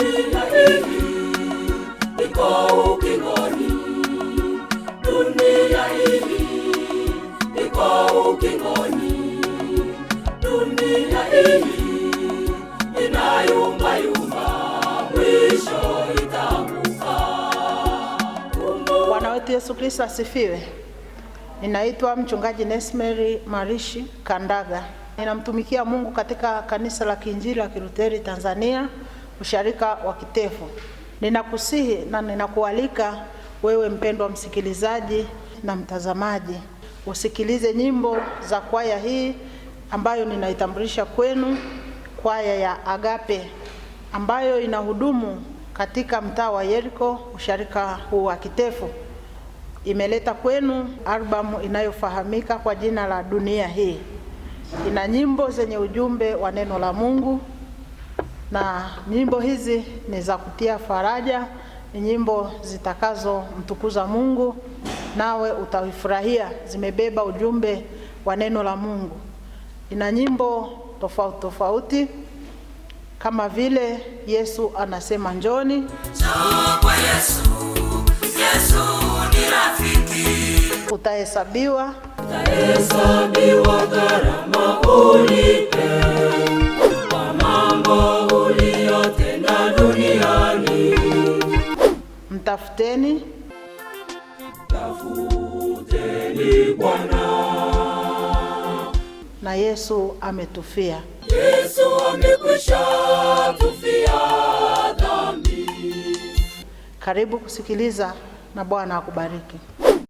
dunia hii iko ukingoni, dunia hii iko ukingoni, dunia hii mwisho Bwana wetu Yesu Kristo asifiwe. Ninaitwa mchungaji Nesmeri Marishi Kandaga. Ninamtumikia Mungu katika kanisa la Kiinjili la Kilutheri Tanzania usharika wa Kitefu. Ninakusihi na ninakualika wewe mpendwa msikilizaji na mtazamaji, usikilize nyimbo za kwaya hii ambayo ninaitambulisha kwenu, kwaya ya Agape ambayo inahudumu katika mtaa wa Yeriko, usharika huu wa Kitefu. Imeleta kwenu albamu inayofahamika kwa jina la Dunia Hii. Ina nyimbo zenye ujumbe wa neno la Mungu na nyimbo hizi ni za kutia faraja, ni nyimbo zitakazomtukuza Mungu nawe utaifurahia. Zimebeba ujumbe wa neno la Mungu. Ina nyimbo tofauti tofauti kama vile Yesu anasema njoni, njoo kwa Yesu, Yesu ni rafiki, utahesabiwa, utahesabiwa gharama Tafuteni, tafuteni Bwana, na Yesu ametufia. Yesu amekwisha tufia dhambi. Karibu kusikiliza na Bwana akubariki.